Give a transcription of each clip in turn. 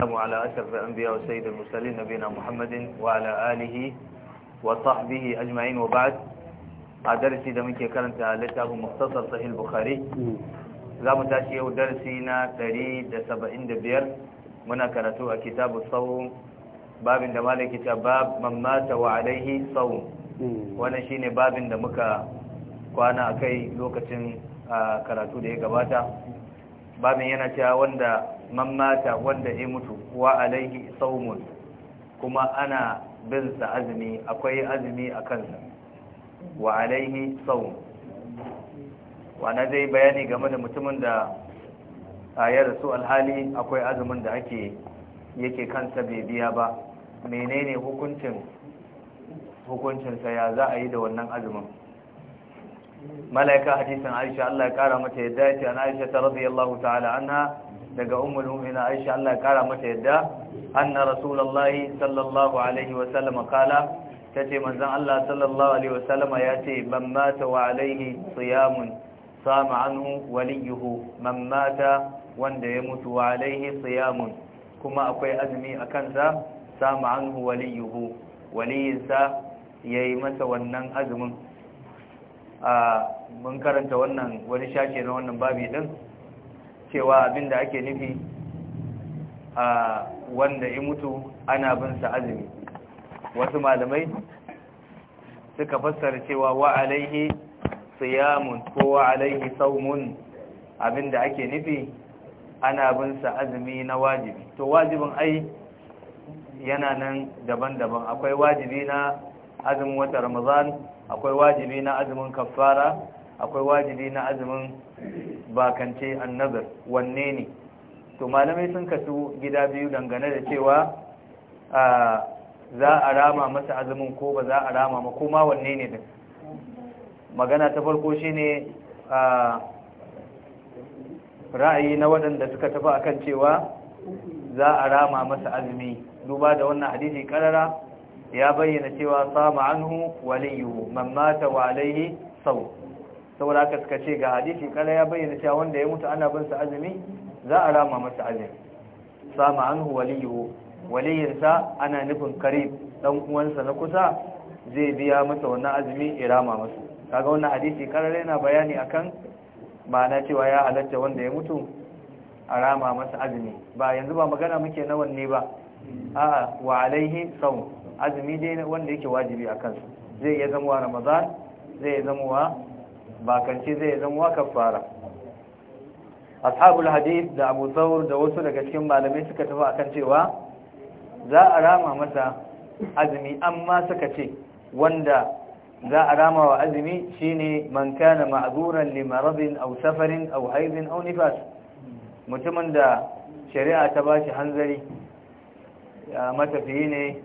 السلام على أشرف الأنبياء وسيد المرسلين نبينا محمد وعلى آله وصحبه أجمعين وبعد a darasi da muke karanta littafin muktasar sahih bukhari za mu tashi yau darasi na ɗari biyar. muna karatu a kitabu sawm babin da malaki ta bab man mata wa alaihi sawm wannan shine babin da muka kwana kai lokacin karatu da ya gabata babin yana cewa wanda man mata wanda ya mutu wa alaihi saumun kuma ana bin sa azumi akwai azumi a kansa wa alaihi saum na zai bayani game da mutumin da ya su alhali akwai azumin da ake yake kansa bai biya ba menene hukuncin hukuncinsa ya za a yi da wannan azumin malaika hadisin aisha Allah ya kara mata yadda ya ce aisha ta radiyallahu ta'ala anha daga ummul mu'minin Aisha Allah ya kara mata yadda anna rasulullahi sallallahu alaihi wa sallam kala tace manzon Allah sallallahu alaihi wa sallama yace man mata wa alaihi siyamun sama anhu waliyuhu man mata wanda ya mutu wa alaihi siyamun kuma akwai azumi a kansa sama anhu waliyuhu waliyinsa yayi masa wannan azumin a mun karanta wannan wani shashe na wannan babi din cewa abinda ake nufi a wanda ya mutu ana bin sa azumi wasu malamai suka fassara cewa wa alaihi siyamun ko wa alaihi saumun abinda ake nufi ana bin sa azumi na wajibi to wajibin ai yana nan daban-daban akwai wajibi na azumin wata ramadan akwai wajibi na azumin kaffara akwai wajibi na azumin bakance nazar wanne ne to malamai sun kasu gida biyu dangane da cewa za a rama masa azumin ko ba za a rama ma ko ma wanne ne din magana ta farko shine ra'ayi na waɗanda suka tafi akan cewa za a rama masa azumi duba da wannan hadisi karara ya bayyana cewa sama anhu waliyu man mata wa alaihi sau saboda aka suka ce ga hadisi kala ya bayyana cewa wanda ya mutu ana bin sa azumi za a rama masa azumi sama anhu waliyu waliyinsa ana nufin karib dan uwansa na kusa zai biya masa wannan azumi ya rama masa kaga wannan hadisi kala yana bayani akan ma'ana cewa ya halatta wanda ya mutu a rama masa azumi ba yanzu ba magana muke na wanne ba a wa alaihi sau azumi dai wanda yake wajibi a kansa zai iya zama wa ramadan zai iya zama bakance zai zama kafara ashabul hadith da Abu Thawr da wasu daga cikin malamai suka tafi akan cewa za a rama masa azumi amma suka ce wanda za a rama wa azumi shine man kana ma'zuran li maradin aw safarin aw haidin aw nifas mutumin da shari'a ta bashi hanzari ya matafiyi ne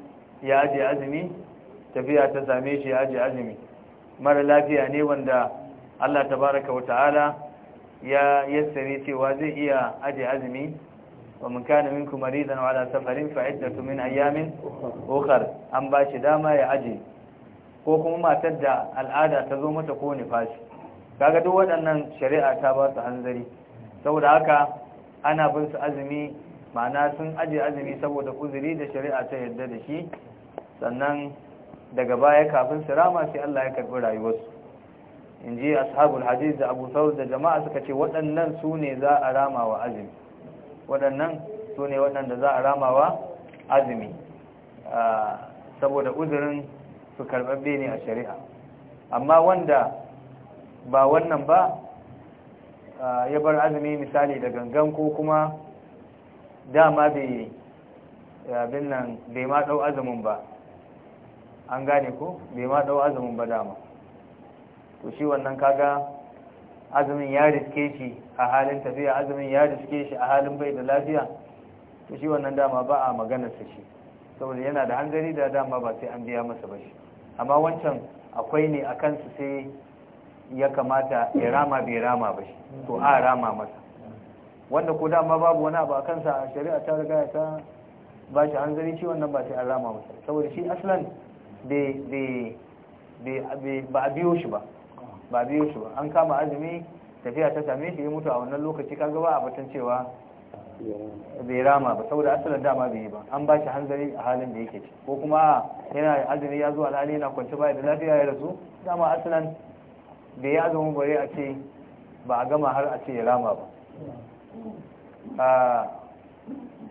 ya aje azumi tafiya ta same shi ya aje azumi mara lafiya ne wanda Allah tabaraka wa ta'ala ya yassari cewa zai iya aje azumi wa mun kana minkum maridan wa ala safarin fa iddatu min ayamin ukhar an ba shi dama ya aje ko kuma matar da al'ada ta zo mata ko nifashi kaga duk waɗannan shari'a ta ba su hanzari saboda haka ana bin su azumi ma'ana sun aje azumi saboda kuzuri da shari'a ta yarda da shi sannan daga baya kafin su rama sai Allah ya karbi rayuwarsu in ji ashabul hadith da abu saud da jama'a suka ce waɗannan su ne za a rama wa azumi waɗannan su ne waɗanda za a rama wa azumi ah, saboda uzurin su karɓaɓɓe ne a shari'a amma wanda ba wannan ba ah, ya bar azumi misali da gangan ko kuma dama bai abin nan bai ma ɗau azumin ba an gane ko bai ma ɗau azumin ba dama to shi wannan kaga azumin ya riske shi a halin tafiya azumin ya riske shi a halin bai da lafiya to shi wannan dama ba a su shi saboda yana da hanzari da dama ba sai an biya masa ba shi amma wancan akwai ne a kansu sai ya kamata ya rama bai rama ba shi to a rama masa wanda ko dama babu wani abu a kansa a shari'a ta riga ta ba shi hanzari shi wannan ba sai an rama masa saboda shi aslan ba a biyo shi ba ba biyo shi ba an kama azumi tafiya ta same shi ya mutu a wannan lokaci kaga ba a batun cewa bai rama ba saboda asalin dama bai yi ba an ba shi hanzari a halin da yake ci ko kuma yana azumi ya zo alhali yana kwanci baya da lafiya ya rasu dama asalin bai yi azumin bare a ce ba a gama har a ce ya rama ba ah,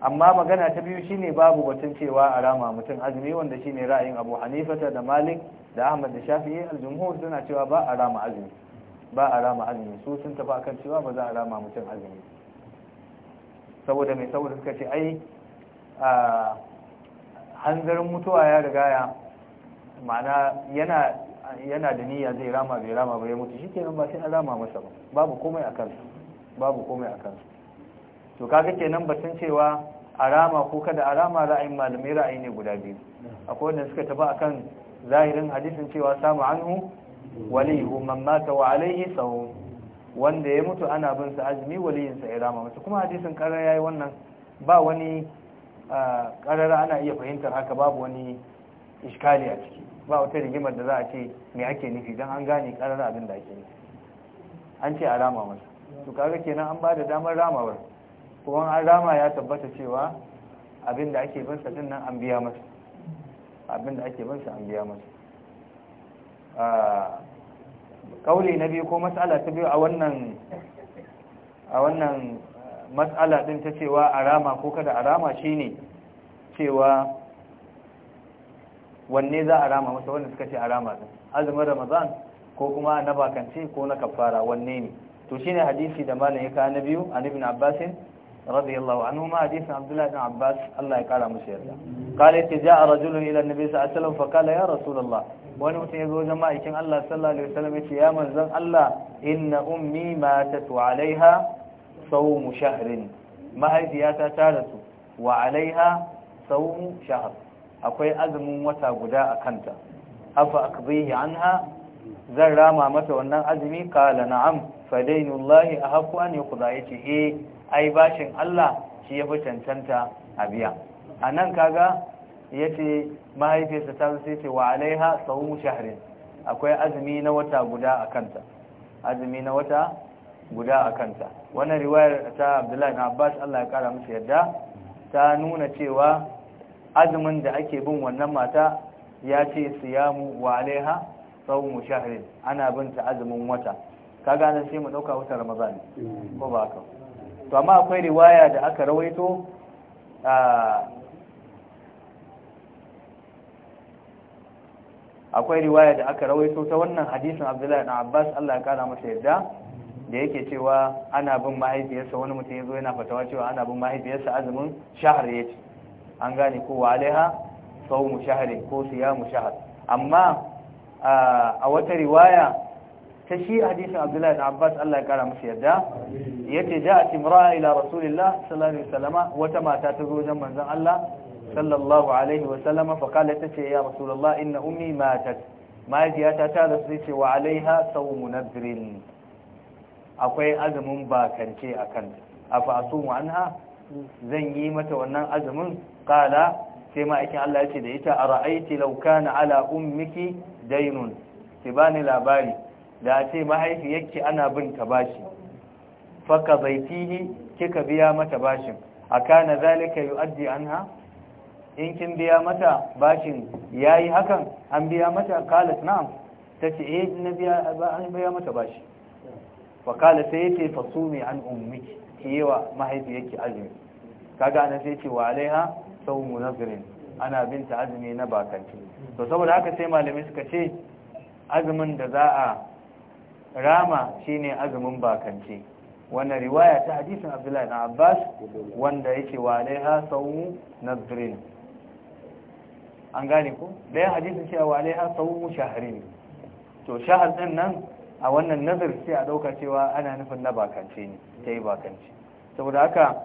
amma magana ta biyu shine babu batun cewa a rama mutum azumi wanda shine ra'ayin Abu Hanifata da Malik da Ahmad da Shafi'i aljumhur suna cewa ba a rama azumi ba a rama azumi su sun tafi akan cewa ba za a rama mutum azumi saboda mai saboda suka ce ai a hanzarin mutuwa ya riga ya ma'ana yana da niyya zai rama bai rama ba ya mutu shikenan ba sai an rama masa ba babu komai akan babu komai akan to kaga kenan batun cewa arama ko kada arama ra'ayin malamai ra'ayi ne guda biyu akwai wanda suka taba akan zahirin hadisin cewa samu anhu walihu man mata wa alaihi sahu wanda ya mutu ana bin sa azumi waliyin sa irama mutu kuma hadisin karar yayi wannan ba wani karar ana iya fahimtar haka babu wani iskali a ciki ba wata rigimar da za a ce me ake nufi dan an gane karar abin da ake nufi an ce a rama masa to kaga kenan an bada damar ramawar kuma an rama ya tabbata cewa abin da ake binsa din nan an biya masa abin da ake binsa an biya masa kauli na biyu ko matsala ta biyu a wannan a wannan matsala din ta cewa arama ko kada arama shine cewa wanne za a rama masa wanda suka ce arama din azumin ramadan ko kuma na bakance ko na kafara wanne ne to shine hadisi da malam ya kawo na biyu a nufin abbasin radiyallahu anhu ma hadisin abdullahi bin abbas Allah ya kara musu yarda qala yace ja'a rajulun ila annabi sallallahu alaihi wasallam fa qala ya rasulullah wani mutum ya zo wajen ma'aikin Allah sallallahu alaihi wasallam yace ya manzon Allah inna ummi matat wa alaiha sawmu shahrin mahaifiyata ta rasu wa alaiha sawmu akwai azumin wata guda a kanta afa aqdihi anha zan rama mata wannan azumi qala na'am fa a ahaqqu an yuqda yace eh, ai bashin Allah shi ya fi cancanta a biya a nan kaga ya ce mahaifiyarsa ta sai ce wa alaiha tsawon akwai azumi na wata guda a kanta azumi na wata guda a kanta wannan riwayar ta abdullahi na abbas Allah ya kara musu yadda ta nuna cewa azumin da ake bin wannan mata ya ce siyamu wa alaiha tsawon shahrin ana binta azumin wata kaga nan sai mu dauka wata ramadan ko ba haka to amma akwai riwaya da aka rawaito akwai riwaya da aka rawaito ta wannan hadisin Abdullahi dan Abbas Allah ya kara masa yarda da yake cewa ana bin mahaifiyarsa wani mutum yazo yana fatawa cewa ana bin mahaifiyarsa azumin shahar yace an gane ko wa alaiha sawmu shahrin ko siyamu shahr amma a wata riwaya ta shi hadisin abdullahi da abbas Allah ya kara musu yadda ya ce ja a timra'a ila rasulillah sallallahu alaihi wata mata ta zo wajen manzon Allah sallallahu alaihi wasallama fa ta ce ya rasulullah inna ummi matat mahaifiyata ta rasu sai ce wa alaiha sawmu nadrin akwai azumin bakance a kanta afa asumu anha zan yi mata wannan azumin kala sai ma'aikin Allah ya ce da ita a ra'aiti lauka kana ala ummiki dainun ki bani labari da ce yake ana bin ta bashi faka baitihi kika biya mata bashin akana zalika yu'addi anha in kin biya mata bashin yayi hakan an biya mata qalat na'am tace eh na biya an biya mata bashi wa qala sayyati fasumi an ummiki kiyewa yake azumi kaga ana sai ce wa alaiha sawmu nazrin ana binta azumi na bakanci to saboda haka sai malami suka ce azumin da za a rama shine azumin bakance wannan riwaya ta hadisin abdullahi na abbas wanda yake wa alaiha saumu nazrin an gane ku daya hadisin cewa wa alaiha saumu shahrin to shahar din nan a wannan nazar sai a dauka cewa ana nufin na bakance ne ta yi bakance saboda haka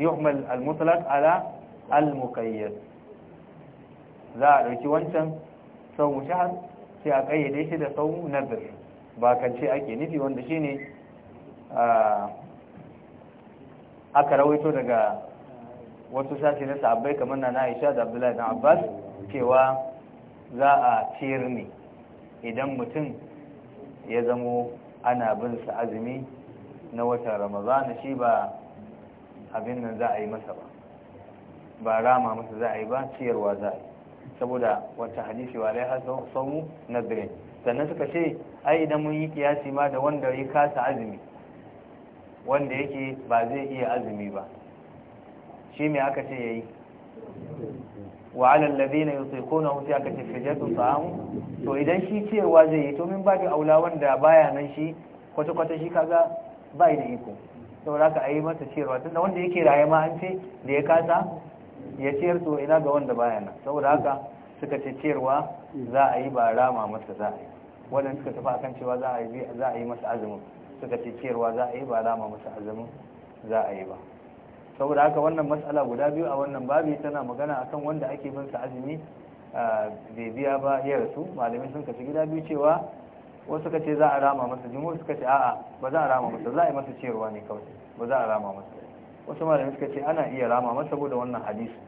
yuhmal al-mutlaq ala al-muqayyad za a dauki wancan saumu shahar sai a kayyade shi da saumu nazrin Ba bakance ake nufi wanda shi ne aka rawaito daga wasu sashi na sahabbai kamar na na Aisha da Abdullahi na Abbas cewa za a ciyar ne idan mutum ya zamo ana bin sa azumi na watan Ramadan shi ba abin nan za a yi masa ba ba rama masa za a yi ba ciyarwa za a yi saboda wata hadisi wa alaiha na birnin sannan suka ce ai idan mun yi kiyasi ma da wanda ya kasa azumi wanda yake ba zai iya azumi ba shi mai aka ce ya yi wa alal ladina yutiquna hu sai aka ce fijatu sa'am to idan shi cewa zai yi to min ba da aula wanda baya nan shi kwata kwata shi kaga ba da iko saboda haka ayi masa cewa tunda wanda yake raye ma an ce da ya kasa ya ciyar to ina ga wanda baya nan saboda haka suka ce ciyarwa za a yi ba rama masa za a yi wannan suka tafi akan cewa za a yi masa azumin suka ce ciyarwa za a yi ba rama masa azumin za a yi ba saboda haka wannan matsala guda biyu a wannan babi tana magana akan wanda ake bin sa azumi bai biya ba ya rasu malamin sun kasu gida biyu cewa wasu suka ce za a rama masa jimo suka ce a'a ba za a rama masa za a yi masa ciyarwa ne kawai ba za a rama masa wasu malamin suka ce ana iya rama masa saboda wannan hadisi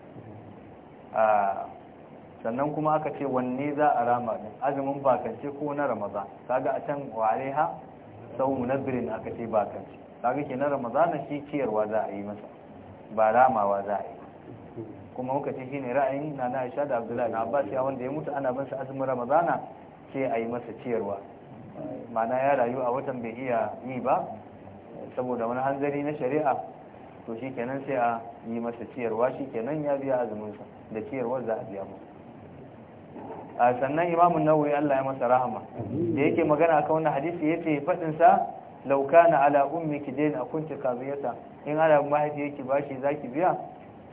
sannan kuma aka ce wanne za a rama ne azumin bakance ko na ramadan kaga a can wa alaiha sau munabirin aka ce bakance kaga ke na na shi ciyarwa za a yi masa ba ramawa za a yi kuma muka ce ne ra'ayin na na Aisha da Abdullahi na Abbas ya wanda ya mutu ana bin sa azumin ramazana ce a yi masa ciyarwa mana ya rayu a watan bai iya yi ba saboda wani hanzari na shari'a to shi kenan sai a yi masa ciyarwa shi kenan ya biya azumin sa da ciyarwar za a biya masa a sannan imamun nawawi Allah ya masa rahama da yake magana akan wannan hadisi yace fadin sa law ala'ummi ki dai a kunci qadiyata in ala yake bashi zaki biya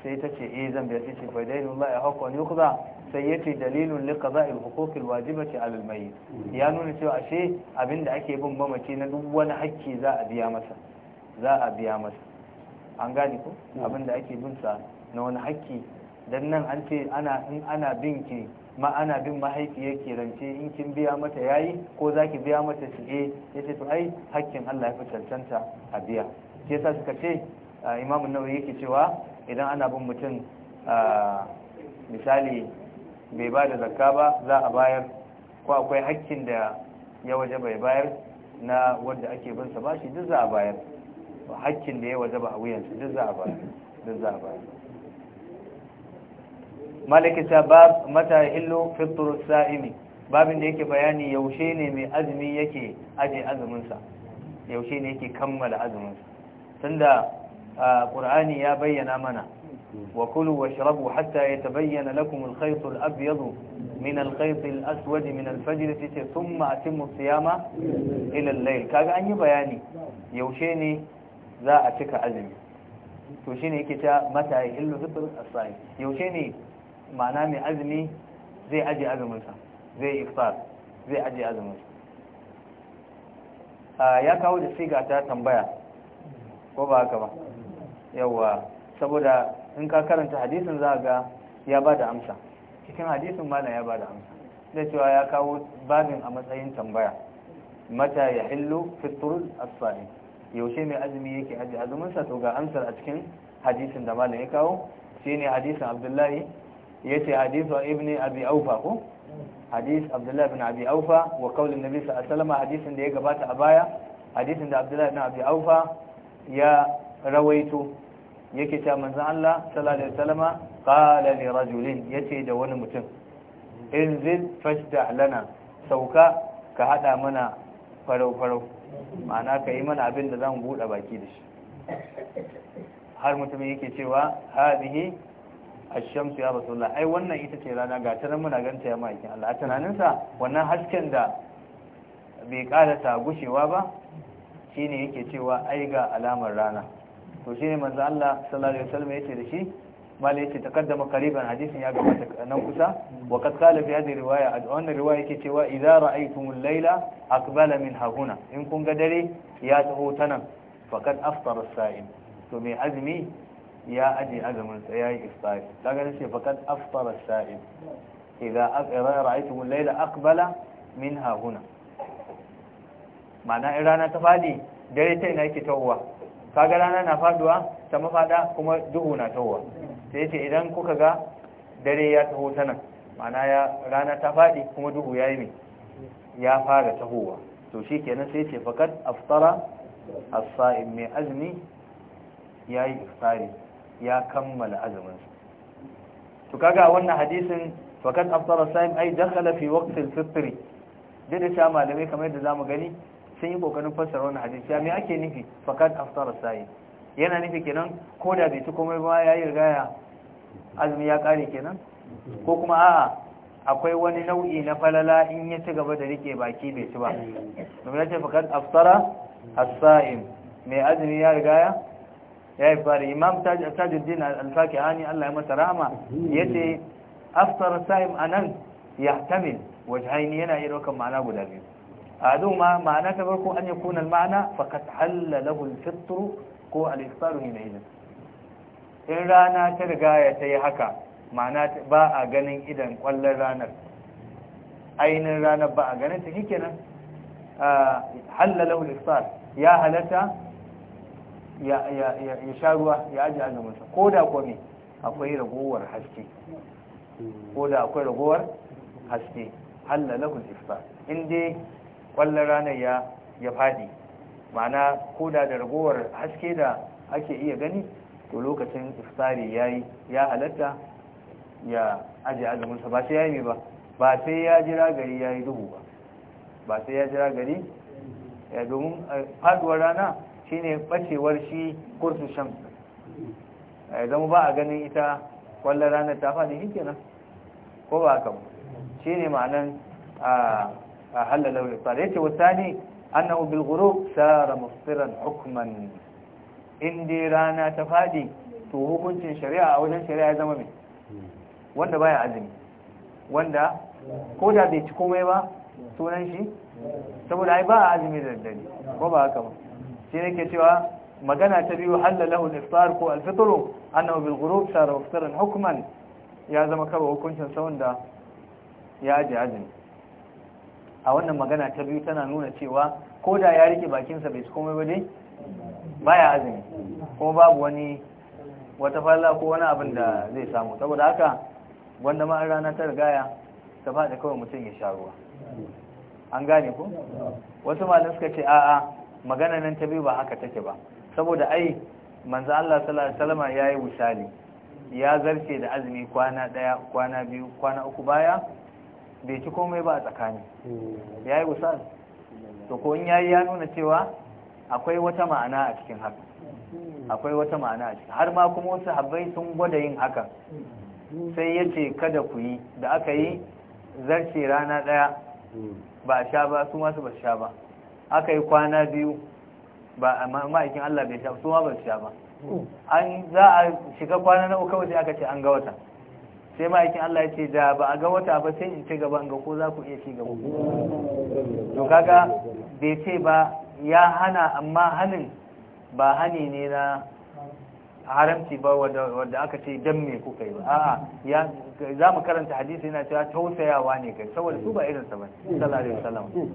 sai ta ce eh zan biya sai ce fa ya haqqu an yuqda sai yace dalilun li qada'il huquq al wajibati ala al mayyit ya nuna cewa ashe abinda ake bin mamaci na duk wani hakki za a biya masa za a biya masa an gane ko hmm. abinda ake bin sa na wani hakki dan nan an ce ana in ana bin ki ma ana bin mahaifiyar ke rance in kin biya mata yayi ko za ki biya mata su eh, ya ce to ai hakkin Allah ya fi cancanta a biya ke sa suka ce imamu ya yake cewa idan ana bin mutum misali bai ba da zakka ba za a bayar ko akwai hakkin da ya waje bai bayar na wanda ake bin sa ba shi duk za a bayar hakkin da ya waje ba a wuyansa duk duk za a bayar malaki sabab mata illu fitru sa'imi babin da yake bayani yaushe ne mai azumi yake aje azuminsa yaushe ne yake kammala azuminsa tunda qur'ani ya bayyana mana wa kulu washrabu hatta yatabayyana lakum al-khayt al-abyad min al-khayt al-aswad min al-fajr sai thumma atimmu siyama ila al-layl kaga an yi bayani yaushe ne za a cika azumi to shine yake ta mata illu fitr as-sa'im yaushe ne ma'ana mai azumi zai aje azuminsa zai iftar zai aje azuminsa ya kawo da siga ta tambaya ko ba haka ba yawa saboda in ka karanta hadisin za ga ya ba da amsa cikin hadisin malam ya ba da amsa da cewa ya kawo babin a matsayin tambaya mata ya hillo fitur asfari yaushe mai azumi yake aji azuminsa to ga amsar a cikin hadisin da malam ya kawo shi ne hadisin abdullahi yace hadithu ibn abi aufa ko hadith abdullahi ibn abi aufa wa qaulin nabi sallallahu alaihi wasallam hadisin da ya gabata a baya hadisin da abdullahi ibn abi aufa ya rawaito yake ta manzon Allah sallallahu alaihi wasallama qala li rajulin yace da wani mutum inzil fajda' lana sauka ka hada mana farau farau ma'ana ka yi mana abin da zamu buɗe baki da shi har mutum yake cewa hadhihi ashamsu ya rasulullah ai wannan ita ce rana ga ta muna ganta ya ma'aikin Allah a tunaninsa wannan hasken da bai ta gushewa ba shine yake cewa ai ga alamar rana to shine manzo Allah sallallahu alaihi wasallam yace da shi malai yace takaddama qariban hadisin ya gabata nan kusa wa kad qala fi hadhihi riwaya wannan riwaya yake cewa idza ra'aytumul layla aqbala min hahuna in kun ga dare ya taho tanan nan faqad aftara as-sa'im to mai azumi ya aje azumin sa yayi iftari kaga nace faqad aftara sa'id idza aqra ra'aytum al-layla aqbala minha huna ma'ana in rana ta faɗi dare ta ina yake tawwa kaga rana na faduwa ta mafada kuma duhu na tawwa sai yace idan kuka ga dare ya taho ta nan ma'ana ya rana ta fadi kuma duhu yayi me ya fara tahowa to shikenan sai yace faqad aftara as-sa'im mai azmi yayi iftari ya kammala azumin to kaga wannan hadisin fakat afsara sa'im ai dakhala fi al fitr dinda sha malamai kamar yadda zamu gani sun yi kokarin fassara wannan hadisi ya me ake nufi fakat afsara sa'im yana nufi kenan koda bai ci komai ba yayi rigaya azumi ya kare kenan ko kuma a'a akwai wani nau'i na falala in ya ci gaba da rike baki bai ci ba domin ya ce fakat afsara as-sa'im mai azumi ya rigaya? ya yi fari imam tajuddin alfakihani Allah ya masa rahama yace afsar sa'im anan waje haini yana yi daukan ma'ana guda biyu A ma ma'ana ta farko an yakuna kunan ma'ana faqad halla lahu al-fitr ko al-iftar na idan in rana ta riga ya tayi haka ma'ana ba a ganin idan kwallon ranar ainin ranar ba a ganin ta shikenan ah, halla lahu al ya halatta ya sha ruwa ya aji azuminsa ko da kuwa akwai ragowar haske ko da akwai ragowar haske hallala iftar in dai kwallon ranar ya ya fadi mana ko da da ragowar haske da ake iya gani to lokacin iftari yayi ya halatta ya aje azuminsa ba sai ya yayi ba ba sai ya jira gari yi duhu ba ba sai ya jira gari ya domin eh, faduwar rana shine bacewar shi kursu shams ya zama ba a ganin ita kwallon ranar ta faɗi shi kenan ko ba haka shine ma'anan a halala wulisar ya ce ne an na ghurub sara tsara hukman in inda rana ta faɗi to hukuncin shari'a a wajen shari'a ya zama mai wanda baya azumi wanda ko da bai ci komai ba sunan shi saboda ai ba a azumi da daddare ko ba haka ba shi ne ke cewa magana ta biyu halalahu iftar ko alfitaru fitru annahu bil ghurub sara hukman ya zama kaba hukuncin sa wanda ya aje ajin a wannan magana ta biyu tana nuna cewa ko da ya rike bakin sa bai komai ba dai baya azumi ko babu wani wata falla ko wani abin da zai samu saboda haka wanda ma rana ta rigaya ta faɗi kawai mutum ya sha ruwa an gane ku wasu malin suka ce a'a magana nan ta biyu ba haka take ba saboda ai manzo Allah sallallahu alaihi yi yayi misali ya zarce da azumi kwana daya kwana biyu kwana uku baya bai ci komai ba a tsakani hmm. yi misali to ko in yayi ya nuna cewa akwai wata ma'ana a cikin haka hmm. akwai wata ma'ana a cikin har ma kuma wasu habbai sun gwada yin haka hmm. sai yace kada ku yi da aka yi zarce rana daya ba a sha ba su masu ba sha ba aka yi kwana biyu ba ma'aikin Allah bai sha su ma ba su sha ba an za a shiga kwana na uku sai aka ce an ga wata sai ma'aikin Allah ya ce da ba a ga wata ba sai in ci gaba in ga ko za ku iya ci gaba to kaga bai ce ba ya hana amma hanin ba hani ne na haramci ba wadda aka ce dan me kuka yi ba a'a za mu karanta hadisi yana cewa tausayawa ne kai saboda su ba irin ba sallallahu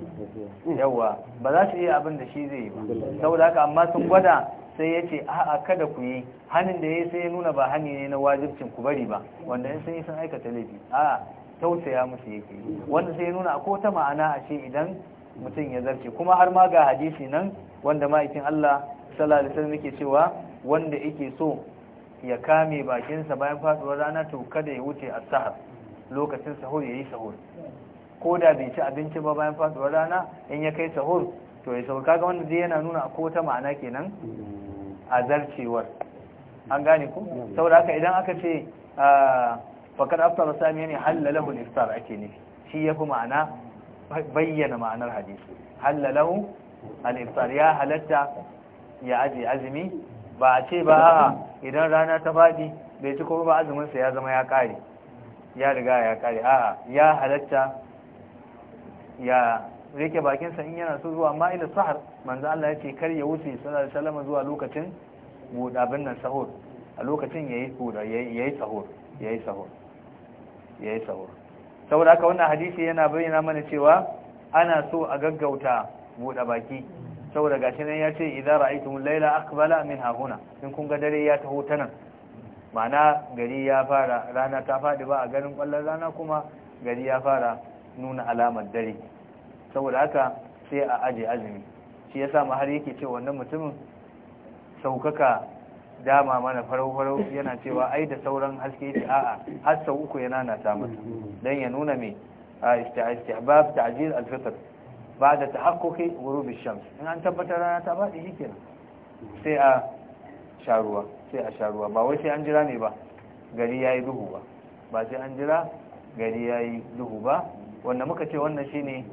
yawa ba za su iya abin da shi zai yi ba saboda haka amma sun gwada sai ya ce a'a kada ku yi hannun da ya sai ya nuna ba hannu ne na wajibcin ku bari ba wanda in sun yi sun aikata laifi a'a tausaya musu yake wanda sai ya nuna a kota ma'ana a ce idan mutum ya zarce kuma har ma ga hadisi nan wanda ma'aikin Allah sallallahu alaihi wasallam yake cewa wanda yake so ya kame bakinsa bayan faduwar rana to kada ya wuce a sahar lokacin sahur ya yi sahur ko da bai ci abinci ba bayan faduwar rana in ya kai sahur to ya sauka ga wanda zai yana nuna ko ta ma'ana kenan a an gane ku saboda haka idan aka ce ah, fakar aftara sami ne hallalahu iftar ake nufi shi ya fi ma'ana bayyana ma'anar hadisi hallalahu al-iftar ya halatta ya aji azumi ba a ce ba idan rana ta faɗi bai ci kuma ba azuminsa ya zama ya ƙare ya riga ya ƙare a'a ya halatta ya rike bakinsa in yana so zuwa amma ila sahar manzo Allah ya ce kar ya wuce sallallahu alaihi wasallam zuwa lokacin budabin nan sahur a lokacin yayi huda yayi sahur yayi sahur yayi sahur saboda haka wannan hadisi yana bayyana mana cewa ana so a gaggauta buɗa baki saboda gashi nan ya ce idza ra'aytumul layla aqbala min hahuna in kun ga dare ya taho ta nan ma'ana gari ya fara rana ta fadi ba a garin kwallon rana kuma gari ya fara nuna alamar dare saboda haka sai a aje azumi shi yasa ma har yake ce wannan mutumin saukaka dama mana farau-farau yana cewa ai da sauran haske yake a'a har sau uku yana na masa don ya nuna mai a istihbab ta'jil al-fitr ba da ta hakkoki wurubin shams in an tabbatar rana ta faɗi shi kenan sai a sharuwa sai a sharuwa ba wai sai an jira ne ba gari ya yi duhu ba ba sai an jira gari ya yi duhu ba wanda muka ce wannan shi ne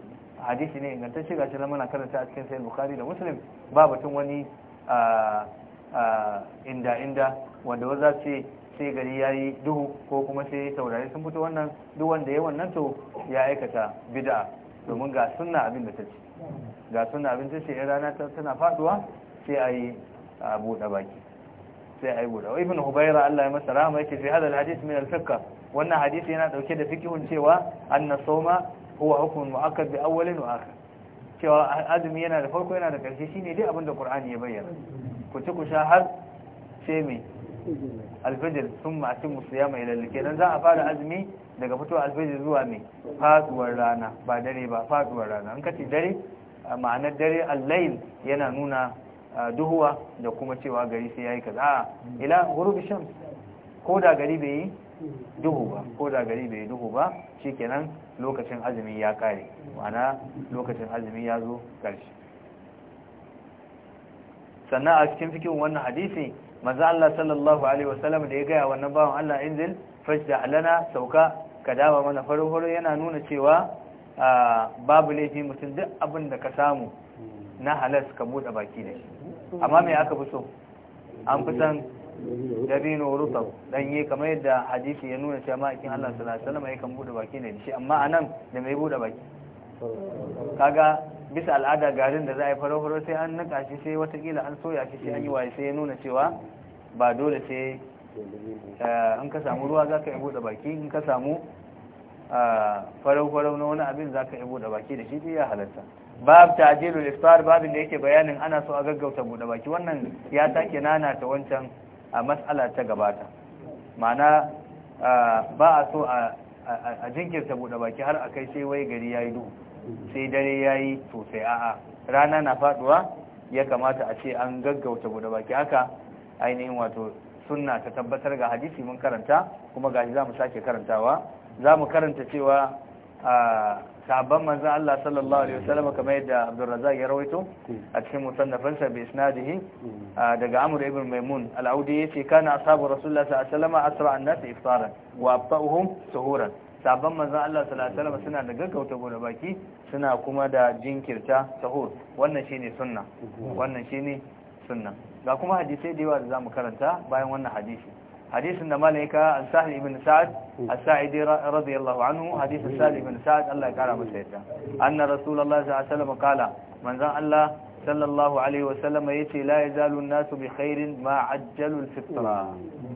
hadisi ne ingantacce ga cikin muna karanta a cikin sayin bukari da muslim ba batun wani inda inda wanda waza ce sai gari ya yi duhu ko kuma sai taurari sun fito wannan duk wanda ya wannan to ya aikata bid'a domin ga suna abin da ta ce ga suna abin ta ce rana tana faduwa sai a yi buɗe baki sai a yi buɗe ibn hubaira Allah ya masa rama yake fi hadar hadith mai alfakka wannan hadisi yana dauke da fikihun cewa anna sawma huwa hukun mu'akkad bi awwalin wa akhir cewa azumi yana da farko yana da karshe shine dai abin da Qur'ani ya bayyana ku ci ku sha har sai mai alfajir sun masu musu mai lalle kenan za a fara azumi daga fito alfajir zuwa mai faduwar rana ba dare ba faduwar rana an kace dare ma'anar dare al-layl yana nuna duhuwa da kuma cewa gari sai yayi kaza ila gurbi shams ko da gari bai yi duhu ba ko da gari bai duhu ba shikenan lokacin azumi ya kare ma'ana lokacin azumi ya zo karshe sannan a cikin fikin wannan hadisi manzo Allah sallallahu alaihi wasallam da ya gaya wannan bawan Allah inzil fajda lana sauka ka dawo mana farin farin yana nuna cewa babu laifi mutum duk abin da ka samu na halas ka bude baki da shi amma me aka fi so an fi san dabino rutab yi kamar yadda hadisi ya nuna cewa ma'aikin Allah sallallahu alaihi wasallam yakan bude baki da shi amma anan da mai bude baki kaga bisa al'ada garin da za a yi faro-faro sai an naka shi sai watakila an soya shi sai an yi waye sai ya nuna cewa ba dole sai eh, in ka samu ruwa za ka yi buɗe baki in ka samu eh, farau-farau na wani abin za ka yi buɗe baki da shi ya halatta bab ta ajiyar iftar babin da yake bayanin ana so a gaggauta buɗe baki wannan ya take nana ta wancan a matsala ta gabata Ma'ana eh, ba a so a a jinkirta buɗe baki har a kai sai wai gari ya yi duhu sai dare ya yi to sai a'a rana na faɗuwa ya kamata a ce an gaggauta buɗe baki haka ainihin wato sunna ta tabbatar ga hadisi mun karanta kuma gashi za mu sake karantawa za mu karanta cewa ah, sabon manzan Allah sallallahu alaihi wasallam kamar yadda Abdurrazzaq ya rawaito a cikin musannafin sa bi isnadihi hmm. daga Amr ibn Maimun al-Audi yace kana ashabu Rasulullah sallallahu alaihi wasallam asra an-nas iftaran wa abtahum suhuran sabon manzan Allah sallallahu alaihi wasallam suna da gaggauta gona baki suna kuma da jinkirta sahur wannan shine sunna hmm. wannan shine sunna ga kuma hadisi da yawa da zamu karanta bayan wannan hadisi hadisin da مالك السهل بن ibn sa'ad رضي الله عنه حديث hadisin بن ibn sa'ad Allah ya kara رسول الله anna الله عليه وسلم قال من manzon Allah sallallahu alaihi عليه وسلم يتي لا يزال nasu بخير ما ma ajjalu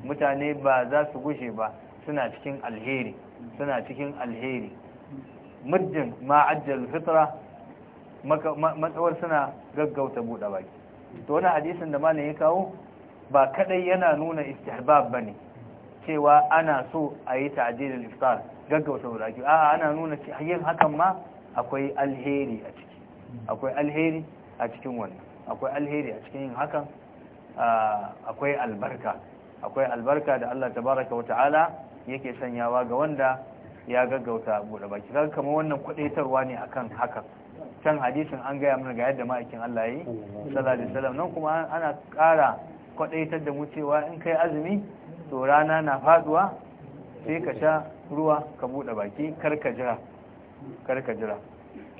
متاني با mutane ba za su gushe ba suna cikin alheri suna cikin alheri muddin ma ajjalu fitra matsawar suna gaggauta buɗe baki to wani hadisin da malamin ya kawo ba kadai yana nuna istihbab bane cewa ana so a yi ta'jilul iftar gaggauta wuraki a ana nuna yin hakan ma akwai alheri a ciki akwai alheri a cikin wannan akwai alheri a cikin hakan akwai albarka akwai albarka da Allah tabaraka wa ta'ala yake sanyawa ga wanda ya gaggauta buɗe baki kaga kamar wannan kudaitarwa ne akan haka can hadisin an gaya mana ga yadda ma'aikin Allah yi sallallahu alaihi wasallam nan kuma ana kara. ta da mu cewa in kai azumi to rana na faduwa sai ka sha ruwa ka bude baki karka jira karka jira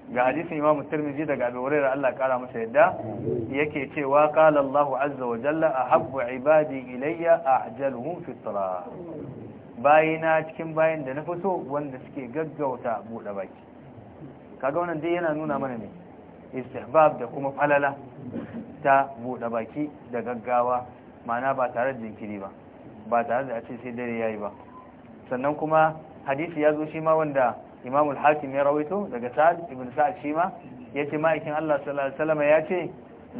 ga hadisin imamu tirmidhi daga abu hurairah Allah kara masa yadda yake cewa qala Allahu azza wa jalla ahabbu ibadi ilayya ajaluhum fi salah bayina cikin bayin da na fi wanda suke gaggauta bude baki kaga wannan dai yana nuna mana ne istihbab da kuma falala ta buɗe baki da gaggawa ma'ana ba tare da jinkiri ba ba tare da a sai dare yayi ba sannan kuma hadisi ya zo shi ma wanda Imam al-Hakim ya rawaito daga Sa'ad ibn Sa'ad shi ma ce ma'aikin Allah sallallahu alaihi wasallam ce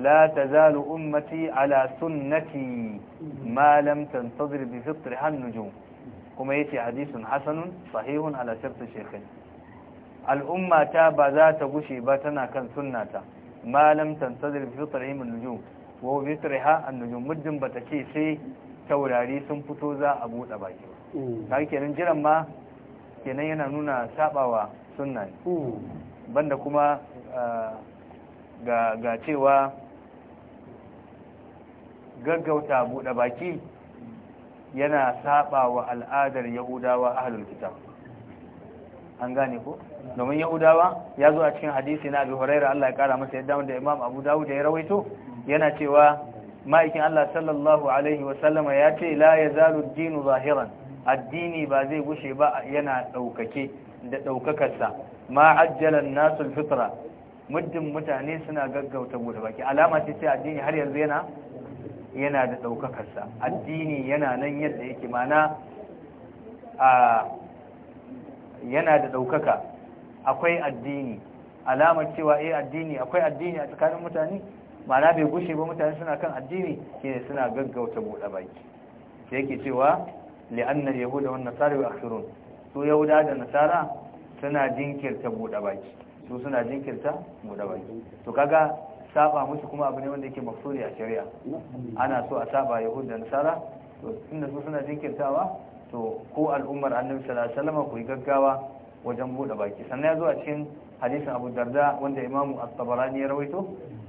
la tazalu ummati ala sunnati ma lam tantadir bi fitr an-nujum kuma yace hadisun hasanun sahihun ala shart shaykhain al-umma ta ba za ta gushe ba tana kan sunnata malamtan tantazir tantadir fi tarhim nujum wa an-nujum muddin ta ce sai taurari sun fito za a bude baki ba kenan jiran ma kenan yana nuna sabawa sunna ne banda kuma ga ga cewa gaggauta buɗe baki yana sabawa al'adar yahudawa ahlul kitab an gane ko domin yahudawa ya zo a cikin hadisi na abu huraira Allah ya kara masa yadda wanda imam abu dawud ya rawaito yana cewa ma'aikin Allah sallallahu alaihi wa sallama ya ce la yazalu dinu zahiran addini ba zai gushe ba yana daukake da daukakarsa ma ajjala nasu al-fitra muddin mutane suna gaggauta bude baki alama ce sai addini har yanzu yana yana da daukakarsa addini yana nan yadda yake mana a yana da ɗaukaka akwai addini alamar cewa eh addini akwai addini a tsakanin mutane mana bai gushe ba mutane suna kan addini ne suna gaggauta buɗe baki sai yake cewa li'anna yahuda wan nasara yu'akhirun su yahuda da nasara suna jinkirta buɗe baki su suna jinkirta buɗe baki to kaga saba musu kuma abu ne wanda yake maksudi a shari'a ana so a saba yahuda da nasara to tunda su suna jinkirtawa to ko al'ummar annabi sallallahu alaihi wasallam ku yi gaggawa wajen bude baki sannan ya zo a cikin hadisin Abu Darda wanda Imam At-Tabarani ya rawaito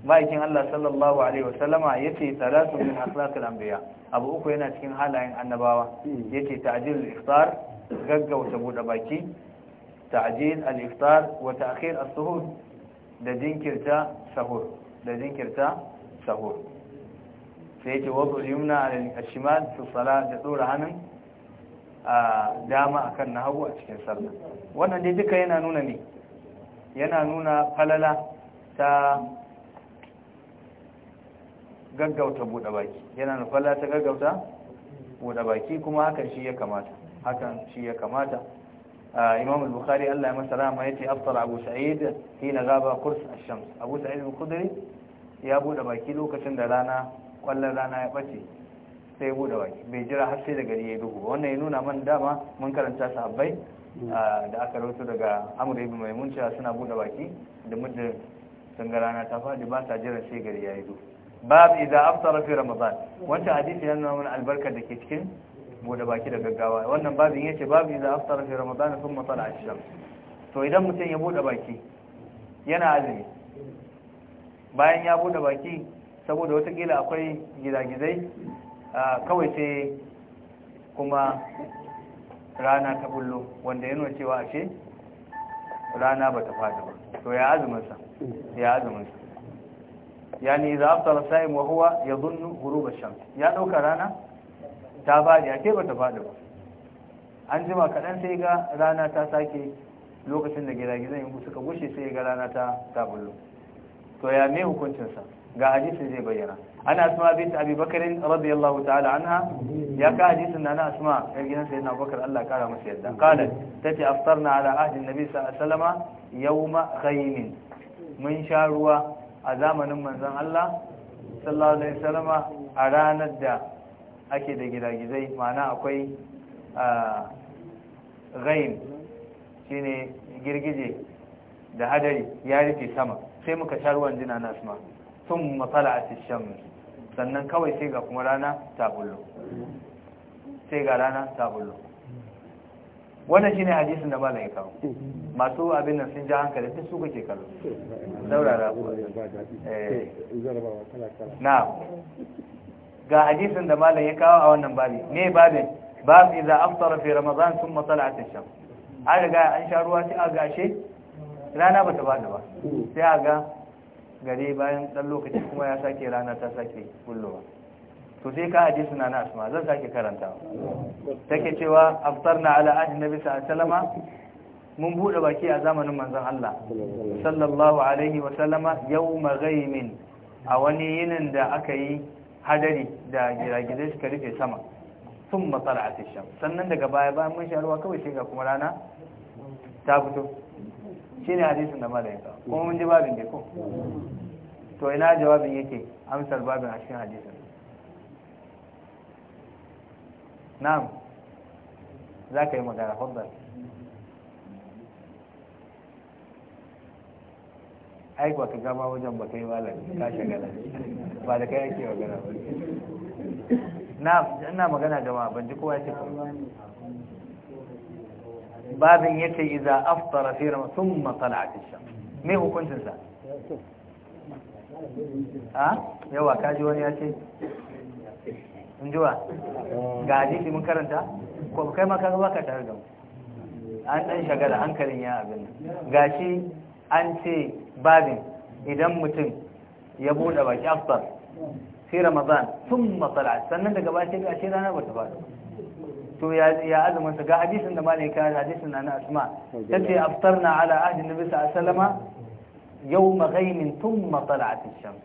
ma'aikin Allah sallallahu alaihi wasallama yace salatu min akhlaqil anbiya abu uku yana cikin halayen annabawa yace ta'jilul iftar gaggauta bude baki ta'jil al-iftar wa ta'khir as-suhur da jinkirta sahur da jinkirta sahur sai yace wadu yumna al-shimal fi salat da tsura hannun a dama akan na hagu a cikin sallah wannan dai duka yana nuna ne yana nuna falala ta gaggauta buɗe baki yana nuna falala ta gaggauta buɗe baki kuma hakan shi ya kamata hakan shi ya kamata imam al-bukhari Allah ya masa rahama yace aftar abu sa'id hina gaba qurs ash-shams abu sa'id al-khudri ya buɗe baki lokacin da rana kwallon rana ya bace sai bude baki bai jira har sai da gari ya duhu wannan ya nuna man dama mun karanta sahabbai mm. ah, da aka rawaito daga amr ibn maimun cewa suna bude baki da muddin sangarana ta fadi ba sa jira sai gari ya yi duhu bab idza aftara fi ramadan wannan hadisi yana nuna mana albarkar da ke cikin bude baki da gaggawa wannan babin yace bab idza aftara fi ramadan thumma tala ash-shams to idan mutum ya bude baki yana azumi bayan ya bude baki saboda kila akwai gidagizai kawai sai kuma rana ta bullo wanda ya nuna cewa ce rana ba ta fada ba to ya azuminsa mm. ya azuminsa ne za aftara sa'im wahuwa ya yadhunnu ghurub ba shan. ya dauka rana ta fadi ake ba ta fada ba an jima kadan sai ga rana ta sake lokacin da gidagizan yin suka gushe sai ga rana ta ta bullo to ya ne hukuncinsa. ga hadisin zai bayyana ana asma bint abi bakarin radiyallahu ta'ala anha ya ka hadisin na asma yar gidan na bakar Allah kara masa yadda qalat tati aftarna ala ahdi nabi sallallahu alaihi wasallama yawma ghaimin mun sha ruwa a zamanin manzon Allah sallallahu alaihi a ranar da ake da gidagizai ma'ana akwai ghaim shine girgije da hadari ya rufe sama sai muka sha ruwan jina na asma sun matsala a shamsu sannan kawai sai ga kuma rana ta bullo sai ga rana ta bullo wannan shine hadisun da malaye ya kawo masu abin nan sun ja hankali sai su kake kallo saurara eh. na ga hadisun da malaye ya kawo a wannan babi ne babin za a fara fi ramadan thumma matsala a shams an riga an sha ruwa sai a gashe rana ba bada ba sai a ga gare bayan ɗan lokaci kuma ya sake rana ta sake kullowa to sai ka hadisi na na asma zan sake karanta take cewa aftarna ala ahli nabi sallama mun bude baki a zamanin manzon Allah sallallahu alaihi wa sallama yawma ghaimin a wani yinin da aka yi hadari da giragizai suka rufe sama sun matsala a sannan daga baya bayan mun sharuwa kawai sai kuma rana ta fito Shi ne hadisin da malamin ka kuma mun ji babin da ko to ina jawabin yake amsar babin a cikin hadisin na'am za ka yi magana fadda ai ba ka gama wajen ba yi malami ka shagala ba da kai ake magana ba na'am ina magana jama'a ban ji kowa ya ce babin yace idza aftara fi ramadan thumma tala'at ash-shams me hukuncin sa a yawa kaji wani ya ce injuwa ga hadisi mun karanta ko kai ma kaga baka tare da mu an dan shagala hankalin ya abin gashi an ce babin idan mutum ya bude baki aftar fi ramadan thumma tala'at sannan daga ba sai gashi rana bata fara to ya azumin sa ga hadisin da malai kare hadisin na asma tace aftarna ala ahdi nabi sallama yawma ghaymin thumma tala'at ash-shams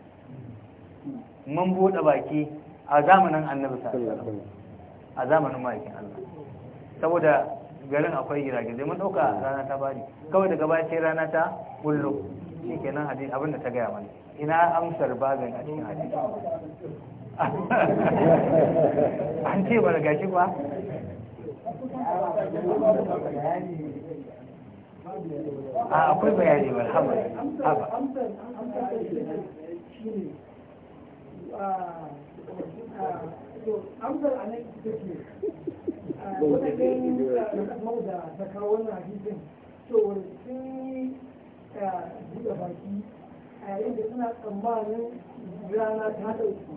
mun bude baki a zamanin annabi sallallahu a zamanin malikin Allah saboda garin akwai giragizai mun dauka rana ta bari kawai daga baya sai rana ta kullu shikenan hadisi abin da ta gaya mana ina amsar bagan a cikin hadisi an ce ba gashi ba a akwai bayani marhaba haba amsar a nan ita ce da ta kawo wannan hadisin to sun yi buɗe baki a yayin da suna tsammanin rana ta ɗauki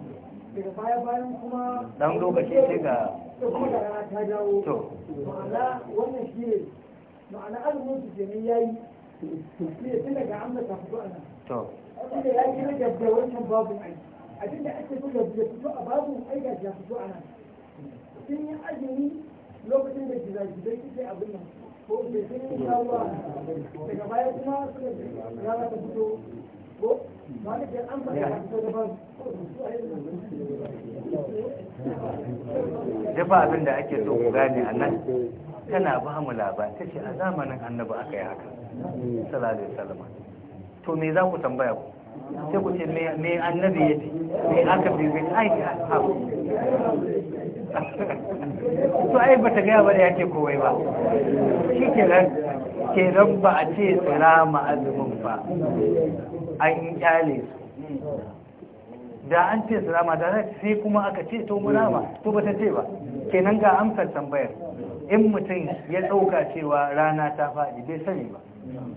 daga baya bayan kuma dan lokaci sai ga to kuma da rana ta dawo wannan shi ma'ana azumin su yayi shi ta fito to ya da wancan babu ai abinda ake fito a babu ai ga fito sun yi azumi lokacin da gizagizai suke abin nan ko da sun yi daga baya kuma ya ta fito Dafa abin da ake so ku gane a nan tana ba mu labar ta ce a zamanin annabi aka yi haka sallallahu da salama to me za ku tambaya ku sai ku ce me annabi ya ce me aka bi bi ai abu to ai bata gaya ba da yake kowai ba shi kenan kenan ba a ce tsira ma azumin ba an yi kyale su da an ce su rama da sai kuma aka ce to mu rama to ba ta ce ba kenan ga amsar tambayar in mutum ya ɗauka cewa rana ta faɗi bai sani ba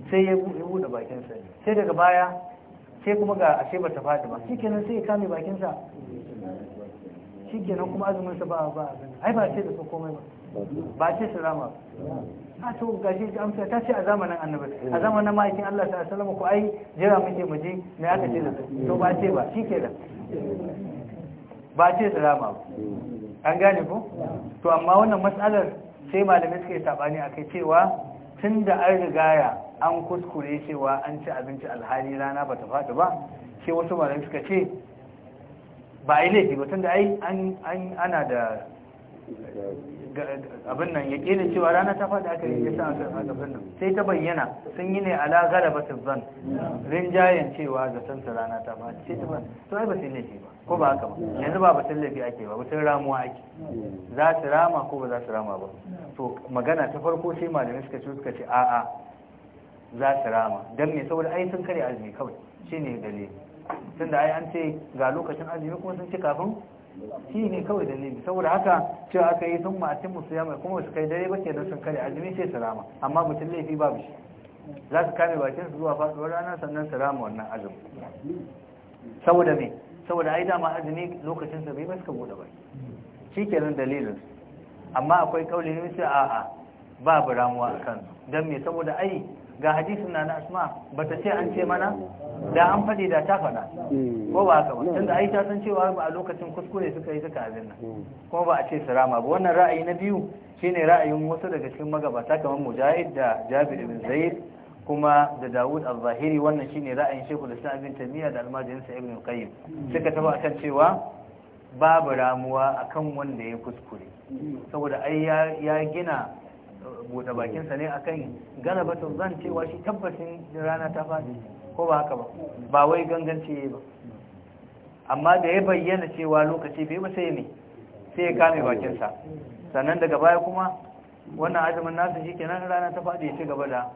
sai ya buɗe bakinsa sai daga baya sai kuma ga ashe ba ta faɗi ba shi kenan sai ya kame bakinsa shi kenan kuma azuminsa ba ba ai ba ce da su komai ba ba ce su rama a ah, to gashi ta amsa ta ce a zamanin annabi a zamanin ma'aikin Allah ta sallama ku ai jira muke mu ji me aka ce da to ba ce ba shi ke da ba ce salama ba an gane ko to amma wannan matsalar sai malamai suka yi sabani akai cewa tun da an rigaya an kuskure cewa an ci abinci alhali rana ba ta faɗi ba sai wasu malamai suka ce ba a yi laifi ba tun da ai ana da abin nan ya kene cewa rana ta faɗi aka yi sa aka a gaban nan sai ta bayyana sun yi ne ala galabati zan rinjayen cewa zaton sa rana ta faɗi sai ta ba to ai ba sun laifi ba ko ba haka ba yanzu ba batun laifi ake ba batun ramuwa ake za su rama ko ba za su rama ba to magana ta farko sai malamai suka ce suka ce a'a za su rama dan me saboda ai sun kare azumi kawai shine dalili tunda ai an ce ga lokacin azumi kuma sun ci kafin shi ne kawai dalili saboda haka cewa aka yi sun matin musu yamma kuma su kai dare ba ke sun kare azumi sai salama amma mutum laifi babu shi za su kame bakin su zuwa faɗuwar rana sannan salama wannan azumi saboda me saboda ai dama azumi lokacin sa bai ba suka bude ba shi kenan dalilin amma akwai kauli ne sai a'a babu ramuwa akan dan don me saboda ai ga hadisin na asma bata ce an ce mana da an faɗi da ta faɗa. Mm. ko ba haka ba tunda san cewa ba a lokacin kuskure suka yi suka abin nan mm. kuma ba a ce sirama ba wannan ra'ayi na biyu shine ra'ayin wasu daga cikin magabata kamar mujahid da jabir ibn zayd kuma da Dawud al-Zahiri wannan shine ra'ayin shehu da sa'ad bin tamiya da almajirin sa Ibn Qayyim suka taba kan cewa babu ramuwa akan wanda ya kuskure mm. saboda ai ya gina buɗe bakinsa ne akan galabatun zan cewa shi tabbacin rana ta faɗi ko ba haka ba ba wai gangance ba amma da ya bayyana cewa lokaci bai ba sai ne sai ya kame bakinsa sannan daga baya kuma wannan azumin nasu shi kenan rana ta faɗi ya ci gaba da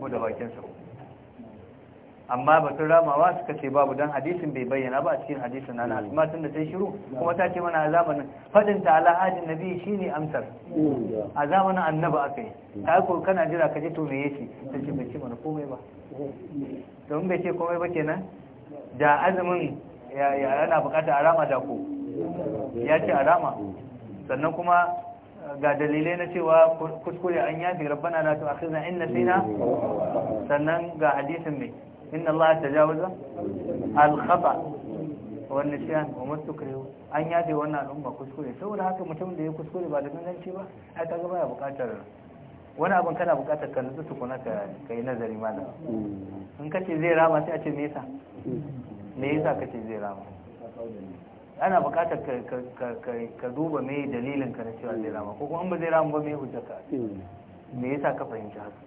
buɗe bakinsa amma batun ramawa suka ce babu don hadisin bai bayyana ba a cikin hadisin na hmm. asma tun da ta shiru hmm. kuma ta ce mana a zamanin fadin ta na biyu nabi shine amsar hmm. a zamanin annaba aka yi ta ko na jira kaji to me yace ta ce bai ce mana komai ba domin bai ce komai ba kenan da azumin yana bukata a rama da ku ya ce a rama sannan kuma eh, ga dalilai na cewa kuskure an yafi rabbana na tu'akhizna in nasina sannan ga hadisin mai inna Allah tajawaza al-khata wa nisyan wa mustakrihu an yafe wannan al'umma kuskure saboda haka mutum da ya kuskure ba da ganganci ba ai kaga baya bukatar wani abin kana bukatar ka nutsu tukuna ka kai nazari malam in kace zai rama sai a ce me yasa me yasa kace zai rama ana bukatar ka duba me dalilin ka na cewa zai rama ko kuma in zai rama ba me hujjarka me yasa ka fahimci haka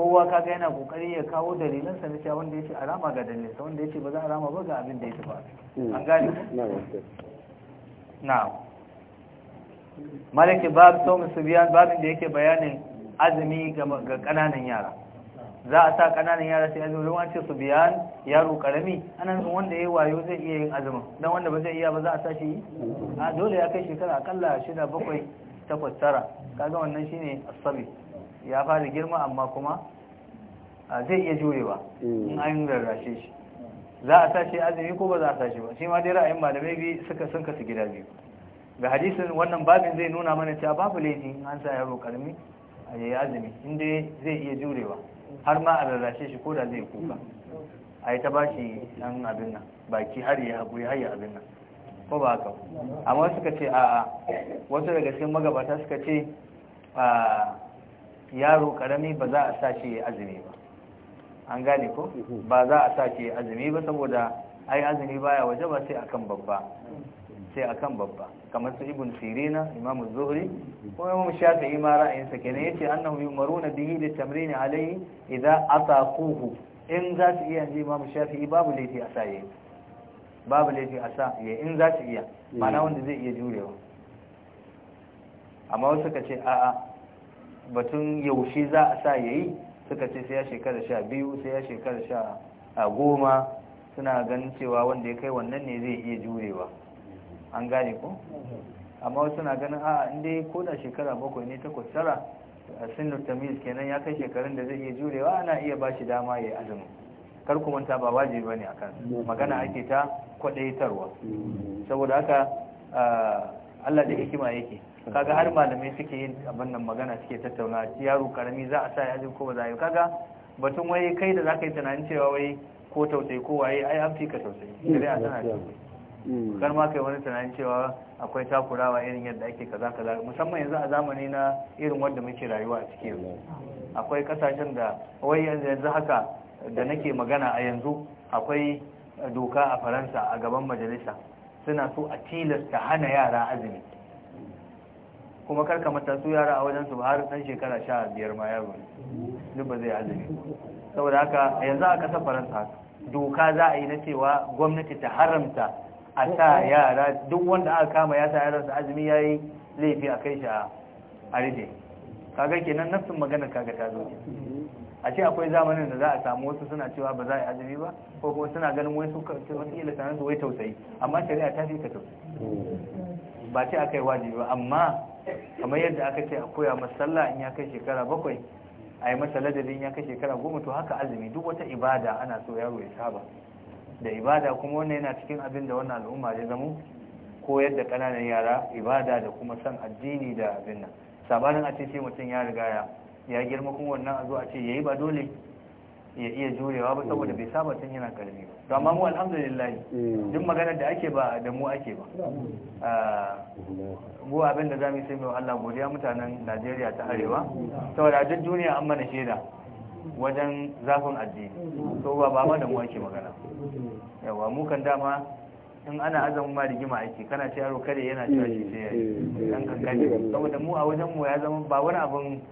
kowa kaga yana kokari ya kawo dalilan sa cewa wanda yace arama ga dalilin sa wanda yace ba za a ba ga abin da ya ba hmm. an gane na malaki bab to musubiyan babin da yake bayanin azumi ga kananan yara za a sa kananan yara sai azumi ruwan ce su biyan yaro karami ana nufin wanda ya wayo zai iya yin azumin dan wanda ba zai iya ba za a sa shi a dole ya kai shekara akalla shida bakwai takwas tara kaga wannan shine asabi ya fara girma amma kuma zai iya jurewa in mm. an rarrashe shi za a tashi azumi ko ba za a tashi ba shi ma dai ra'ayin malamai bi suka sun kasu gida biyu ga hadisin wannan babin zai nuna mana cewa babu laifi an sa yaro karmi a yayi azumi In dai zai iya jurewa har ma a rarrashe shi ko da zai kuka a yi ta bashi ɗan abin nan baki har ya haƙuri har ya abin nan ko ba haka amma suka ce a'a wasu daga cikin magabata suka ce a yaro karami ba za a sa shi ya azumi ba an gane ko ba za a sa shi ya azumi ba saboda ai azumi baya waje ba sai akan babba sai akan babba kamar su ibn sirina imamu zuhri ko imam shafi'i ma sa kenan yace annahu yumaruna bihi tamrin alayhi idza ataquhu in za su iya ji imam shafi'i babu laifi a sa babu laifi a sa ya in za su iya mana wanda zai iya jurewa amma wasu ka ce a'a batun yaushe za a sa yayi suka ce sai ya shekara sha biyu sai ya shekara sha a goma suna ganin cewa wanda ya kai wannan ne zai iya jurewa an gane ko amma wasu ganin a inda ko da shekara bakwai ne takwas tara a sinar tamiz kenan ya kai shekarun da zai iya jurewa ana iya ba shi dama ya yi azumi kar ku manta ba wajibi bane kan magana ake ta kwadaitarwa mm-hmm. saboda haka Allah da hikima yake kaga har malamai suke yin abin nan magana suke tattauna yaro karami za a sa ya ko ba za kaga batun wai kai da za ka yi tunanin cewa wai ko tausayi ko waye ai an fika tausayi mm, sai a tana mm. kar ma kai wani tunanin cewa akwai takurawa irin yadda ake kaza kaza musamman yanzu a zamani na irin wanda muke rayuwa a cikin yanzu akwai kasashen da wai yanzu haka da nake magana a yanzu akwai doka a faransa a gaban majalisa suna so a tilasta hana yara azumi kuma karka mata su yara a wajen su ba har ɗan shekara sha biyar ma yaro duk ba zai azumi saboda haka yanzu a kasar faransa doka za a yi na cewa gwamnati ta haramta a sa yara duk wanda aka kama ya sa su azumi ya yi laifi a kai shi a arde kaga kenan nafsin magana kaga ta zo a ce akwai zamanin da za a samu wasu suna cewa ba za a yi azumi ba ko kuma suna ganin wai su wataƙila sanar da wai tausayi amma shari'a ta fi ka tausayi ba ce aka yi wajibi ba amma kamar yadda aka ce a koya masalla in ya kai shekara bakwai a yi masa in ya kai shekara goma to haka azumi duk wata ibada ana so yaro ya saba da ibada kuma wannan yana cikin abin da wannan al'umma ya zamo koyar da kananan yara ibada da kuma san addini da abin nan sabanin a ce sai mutum ya riga ya girma kuma wannan a zo a ce yayi ba dole ya iya jurewa ba saboda bai saba tun yana karami ba to amma mu alhamdulillah mm. duk maganar da ake ba da mu ake ba mm. ah, mu abin da zamu sai mai Allah godiya mutanen Najeriya ta arewa mm. saboda duk duniya an mana shaida wajen zafin addini to ba ba da mu ake magana yawa mu kan dama in ana azamin ma rigima ake kana ce yaro kare yana cewa shi sai yayi dan kankani saboda mu a wajen mu ya zama ba wani abun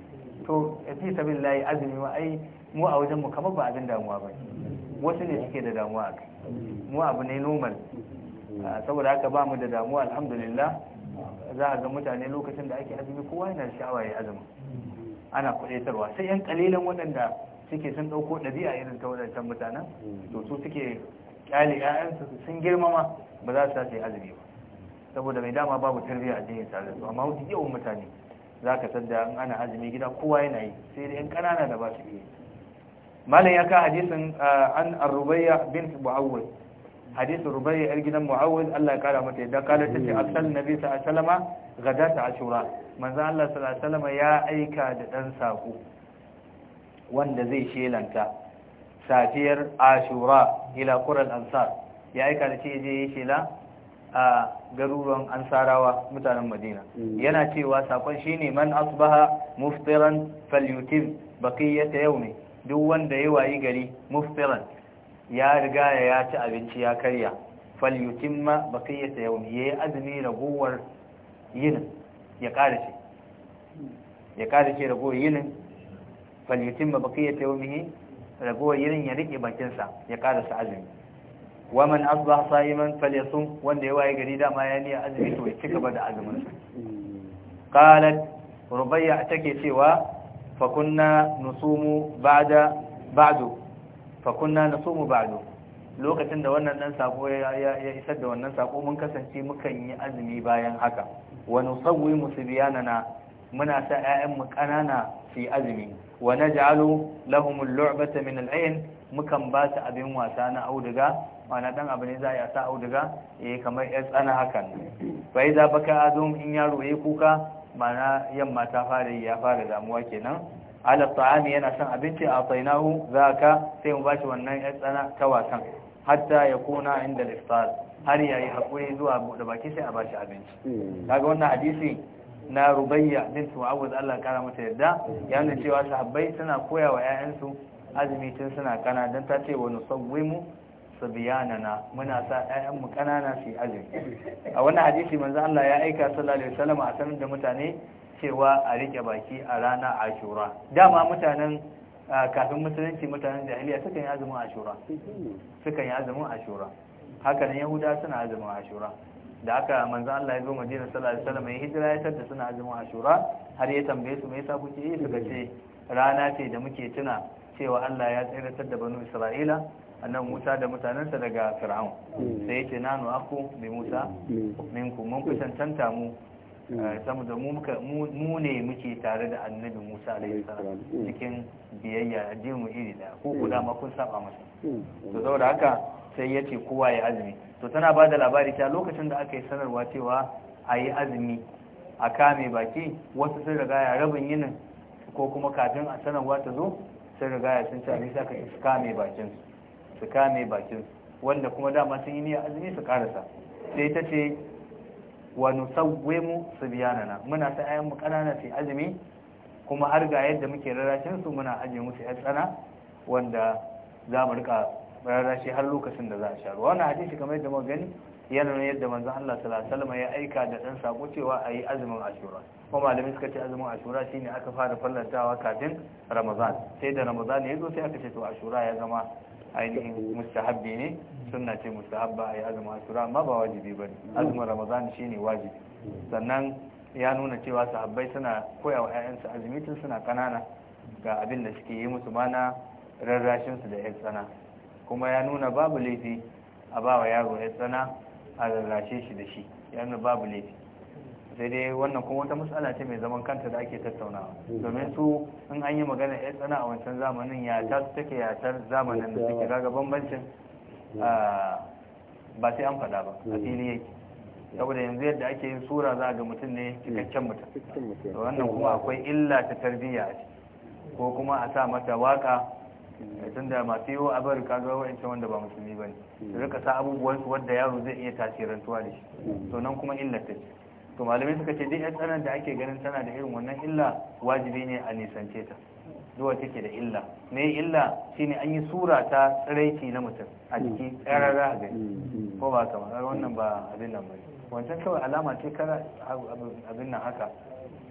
to fi layi azumi ma ai mu a wajen mu kamar ba abin damuwa ba wasu ne suke da damuwa a kai mu abu ne normal saboda haka ba mu da damuwa alhamdulillah za a ga mutane lokacin da ake azumi kowa yana da sha'awa ya azumi ana kuɗaitarwa sai yan kalilan waɗanda suke sun ɗauko ɗabi'a irin ta waɗancan mutanen to su suke kyale ƴaƴansu sun girmama ba za su sace azumi ba saboda mai dama babu tarbiyya a cikin sa su amma wasu yawan mutane za ka san da ana azumi gida kowa yana yi sai da yan ƙanana da ba su iya malam ya ka hadisin uh, an arubaiya bin mu'awul hadisin rubaiya yar gidan mu'awul Allah ya kara mata yadda kala tace asal nabi sallallahu alaihi wasallama ta ashura manzan Allah sallallahu alaihi ya aika da dan sako wanda zai shelanta safiyar ashura ila qural ansar ya aika da ce je yi shela a garuruwan ansarawa mutanen madina mm. yana cewa sakon shine man asbaha muftiran falyutim yau ne. duk wanda ya wayi gari muftiran ya riga ya ci abinci ya karya falyutimma baqiyata yawmi yayi azumi ragowar yinin ya karace ya karace ragowar yinin falyutimma baqiyata yawmihi ragowar yinin ya rike bakin sa ya karasa azumi wa man asbaha sayiman falyasum wanda ya wayi gari dama ya niya azumi to ya cika ba da azumin sa qalat rubayya take cewa fakunna nusumu ba'da fakunna nusumu lokacin da wannan dan sako ya isar da wannan sako mun kasance mukan yi azumi bayan haka wa nusawwi sibyanana muna sa ƴaƴan mu kanana fi azumi wa naj'alu lahum al-lu'bata min al-'ayn mukan ba su abin wasa na auduga mana dan abu ne za a sa auduga eh kamar ƴar tsana hakan fa idza baka azum in yaro yayi kuka mana yamma ta fara ya fara damuwa kenan ala ta'ami yana san abinci a tsainahu ka sai mu bashi wannan ya tsana ta wasan hatta ya kuna inda iftar har yayi hakuri zuwa buɗe baki sai a bashi abinci hmm. kaga wannan hadisi na rubayya su tu'awuz Allah kara mata yadda ya cewa sahabbai suna koya wa 'ya'yansu azumi tun suna kana dan ta ce wani sabuwi mu. sabiyanana muna sa ƴaƴan mu kanana su azumi a wannan hadisi manzo Allah ya aika sallallahu alaihi wasallam a sanin da mutane cewa a rike baki a rana Ashura dama mutanen kafin musulunci mutanen jahiliya sukan yi azumin Ashura sukan yi azumin Ashura haka ne Yahuda suna azumin Ashura da aka manzo Allah ya zo Madina sallallahu alaihi wasallam ya hijira ya tada suna azumin Ashura har ya tambaye su me yasa kuke yi suka ce rana ce da muke tuna cewa Allah ya tsiratar da banu Isra'ila annan Musa da mutanensa daga Fir'aun hmm. sai yake nanu aku bi Musa hmm. minku mun fi cancanta mu hmm. eh, saboda mu ne muke tare da annabi Musa alaihi salam cikin biyayya addinin mu iri da ko ku ma kun saba masa to saboda haka sai yace kowa ya azumi to tana ba da labari ta lokacin da aka yi sanarwa cewa ayi azumi a kame baki wasu sun riga ya rabin yinin ko kuma kafin a sanarwa ta zo sun riga ya sun ci sa ka kame bakin su su kame bakin wanda kuma dama sun yi niyyar azumi su karasa sai ta ce wa nusawwimu subyanana muna sa ayan mu kanana sai azumi kuma har ga yadda muke rarrashin su muna ajiye musu ya tsana wanda za mu rika rarrashi har lokacin da za a sha ruwa wannan hadisi kamar yadda muka gani yana nuna yadda manzon Allah sallallahu alaihi wasallam ya aika da dan sako cewa ayi azumin Ashura kuma malamin suka ce azumin Ashura shine aka fara fallantawa kafin Ramadan sai da Ramadan ya zo sai aka ce to Ashura ya zama ainihin mustahabbi ne suna ce mustahabba a yi azumin asura amma ba wajibi ba azumin ramadan shi ne wajibi sannan ya nuna cewa sahabbai suna koya wa 'ya'yansu azumi tun suna kanana ga abin da suke yi musu mana rarrashinsu da 'yan tsana kuma ya nuna babu laifi a ba wa yaro 'yan tsana a rarrashe shi da shi ya nuna babu laifi sai dai wannan kuma wata matsala ce mai zaman kanta da ake tattaunawa hmm. domin su in an yi magana ya tsana a wancan zamanin ya ta su take ta zamanin da suke kaga bambancin hmm. ba sai an faɗa ba a hmm. fili yake saboda yanzu yadda ake yin sura za a ga mutum ne cikakken mutum wannan kuma akwai illa ta tarbiyya ko kuma a sa mata waka eh, tun da masu yiwu a bari kaga wa'ancan wanda ba musulmi ba ne rika sa abubuwansu wadda yaro zai iya tasirantuwa da shi to nan kuma illa ta ce to malamai suka ce dai tsanar da ake ganin tana da irin wannan illa wajibi ne a nisance ta zuwa take da illa ne illa shine an yi sura ta tsiraici na mutum a ciki tsarara a gani ko ba kamar wannan ba abin nan bane wancan kawai alama ce kara abin nan haka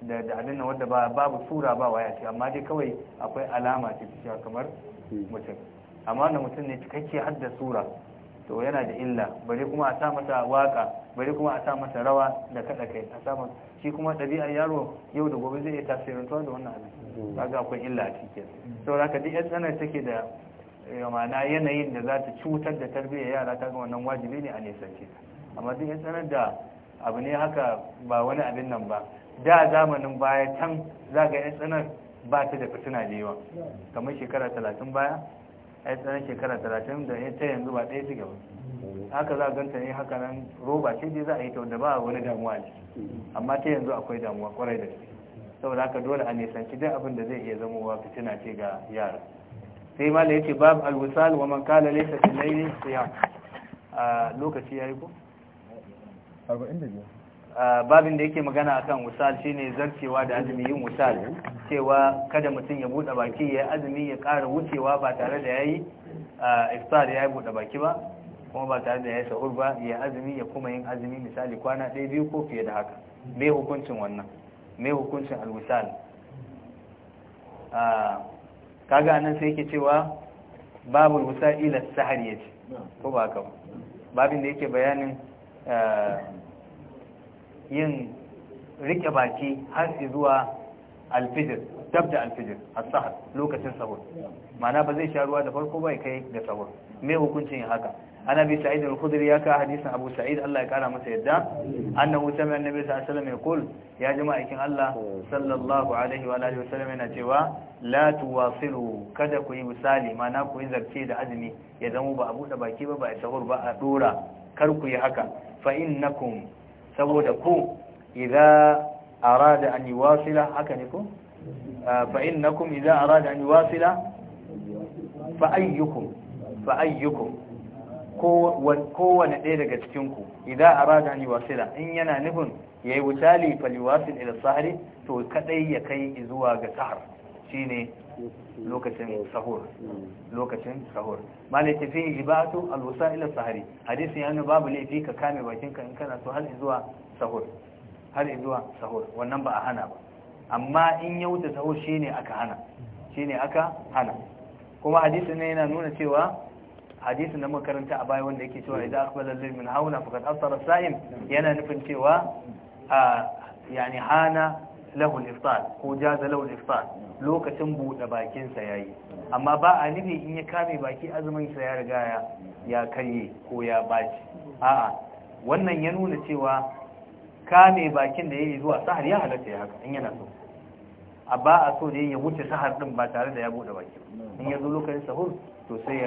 da da abin nan wanda ba babu sura ba waya ce amma dai kawai akwai alama ce cewa kamar hmm. mutum amma wannan mutum ne cikakke har da sura to yana da illa bari kuma a sa masa waka bari kuma a sa masa rawa da kada kai a sa masa shi kuma ɗabi'ar yaro yau da gobe zai iya to da wannan abin kaga akwai illa a cikin saboda ka duk yan tsanar take da eh, ma'ana yanayin da za ta cutar da tarbiyyar yara ta ga wannan wajibi ne a nesance amma duk yan tsanar da abu ne haka ba wani abin nan ba da zamanin baya can za ga yan tsanar ba ta da fitina da yawa kamar shekara talatin baya a yi tsawon shekara talatin da ta yanzu ba ɗaya suke ba haka za a ganta ne haka nan roba ce dai za a yi ta wanda ba wani damuwa ne amma ta yanzu akwai damuwa kwarai da saboda haka dole a nisanci duk abin da zai iya zamowa fitina ce ga yara sai ma da ce babu alwisal wa man kala laisa fil siyam a lokaci yayi ko 45 babin da yake magana akan wusal shine zarcewa da azumi yin wusal cewa kada mutum ya bude baki ya azumi ya ƙara wucewa ba tare da yayi iftar ya bude baki ba kuma ba tare da yayi sahur ba ya azumi ya kuma yin azumi misali kwana ɗaya biyu ko fiye da haka me hukuncin wannan me hukuncin alwusal kaga nan sai yake cewa babul wusal ila ya yace ko ba haka babin da yake bayanin yin rike baki har zuwa alfijir dab da alfijir a sahar lokacin sahur ma'ana ba zai sha ruwa da farko bai kai da sahur me hukuncin haka ana bi sa'id al-khudri ya ka hadisin abu sa'id Allah ya kara masa yadda annahu sami annabi sallallahu alaihi wasallam ya jama'a Allah sallallahu alaihi wa alihi yana cewa la tuwasilu kada ku yi misali mana ku yi zarce da azumi ya zama ba a buɗe baki ba ba a sahur ba a dora kar ku yi haka fa innakum saboda ku idan arada an wasila haka ne ko ah, fa innakum idza arada an yuwasila fa ayyukum fa kowane ɗaya daga cikinku idan arada ni wasila in yana nufin ya yi wuta wucali faliwasil ila sahari to kadai ya kai zuwa ga sahar shine lokacin mm. sahur mm. lokacin sahur malai tafi ibatu alwasa'il sahari hadisi yana babu laifi ka kame bakinka in kana so har zuwa sahur har zuwa sahur wannan ba a hana ba amma in ya wuce sahur shine aka hana shine aka hana kuma hadisi ne yana nuna cewa hadisi na makaranta a baya wanda yake cewa idan al-layl min hawla faqad as sa'im yana nufin cewa yani hana lahu al iftar ko jaza lahu al iftar lokacin buɗe bakinsa ya yi amma ba a nufi in ya kame baki azuminsa ya riga ya karye ko ya baci a'a wannan ya nuna cewa kame bakin da ya yi zuwa sahar ya halatta ya haka in yana so a ba a so da ya wuce sahar din ba tare da ya buɗe baki in ya zo lokacin sahur to sai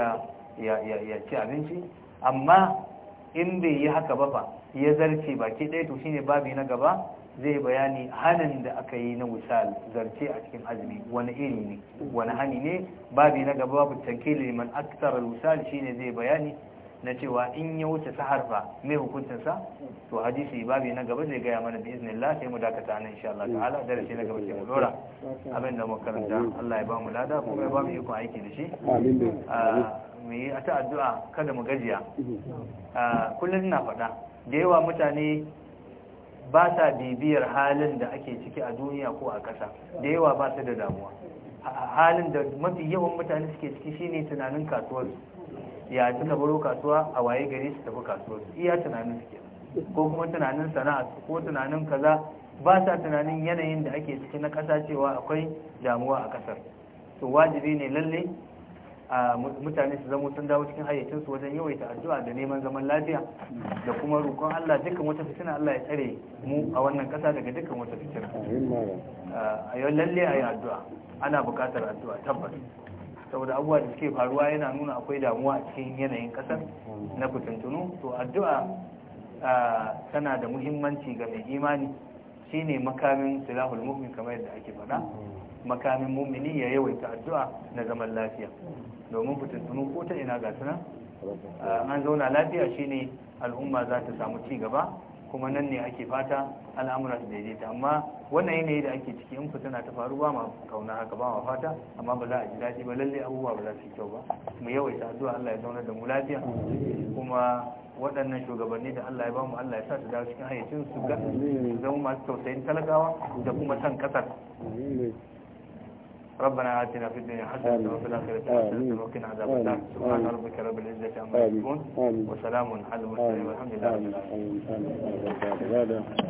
ya ci abinci amma in bai yi haka ba ba ya zarce baki ɗaya to shine babi na gaba zai bayani hanin da aka yi na wisal zarce a cikin azumi wani iri ne wani hani ne babi na gaba babu tankili liman aktar al shine zai bayani na cewa in ya wuce sahar fa mai hukuncin to hadisi babi na gaba zai gaya mana bi iznillah sai mu dakata nan insha Allah ta'ala darasi na gaba sai mu dora abin da muka karanta Allah ya ba mu lada kuma ya ba mu aiki da shi amin ah, mu yi ta addu'a kada mu gajiya ah, kullum na faɗa da yawa mutane ba sa bibiyar halin da ake ciki a duniya ko a ƙasa da yawa ba su da damuwa halin da mafi yawan mutane suke ciki shine tunanin kasuwar ya suka baro kasuwa a waye gari su tafi kasuwar iya tunanin suke ko kuma tunanin sana'a ko tunanin kaza ba sa tunanin yanayin da ake ciki na ƙasa cewa akwai damuwa a ƙasar to wajibi ne lalle mutane su zama sun dawo cikin hayyacinsu wajen yawaita addu'a da neman zaman lafiya da kuma roƙon Allah dukkan wata fitina Allah ya tsare mu a wannan ƙasa daga dukkan wata fitina a yau lalle a yi addu'a ana buƙatar addu'a tabbas saboda abubuwa da suke faruwa yana nuna akwai damuwa a cikin yanayin ƙasar na fitintunu to addu'a tana da muhimmanci ga mai imani shine makamin silahul mu'min kamar yadda ake faɗa makamin mumini ya yawaita addu'a na zaman lafiya domin fitattunu ko ta ina ga nan ah, an zauna lafiya shine al'umma za ta samu ci gaba kuma nan ne ake fata al'amura su daidaita amma wannan yanayi da ake ciki in fitina ta faru ba ma kauna haka ba ma fata amma ba za a ji daɗi ba lalle abubuwa ba za su yi kyau ba mu yawaita addu'a Allah ya zauna da mu lafiya kuma waɗannan shugabanni da Allah ya bamu Allah ya sa su dawo cikin hayyacin su ga zama masu tausayin talakawa da kuma san kasar. ربنا آتنا في الدنيا حسنة وفي الآخرة حسنة وقنا عذاب النار سبحان ربك رب العزة عما يصفون وسلام على المرسلين والحمد لله رب العالمين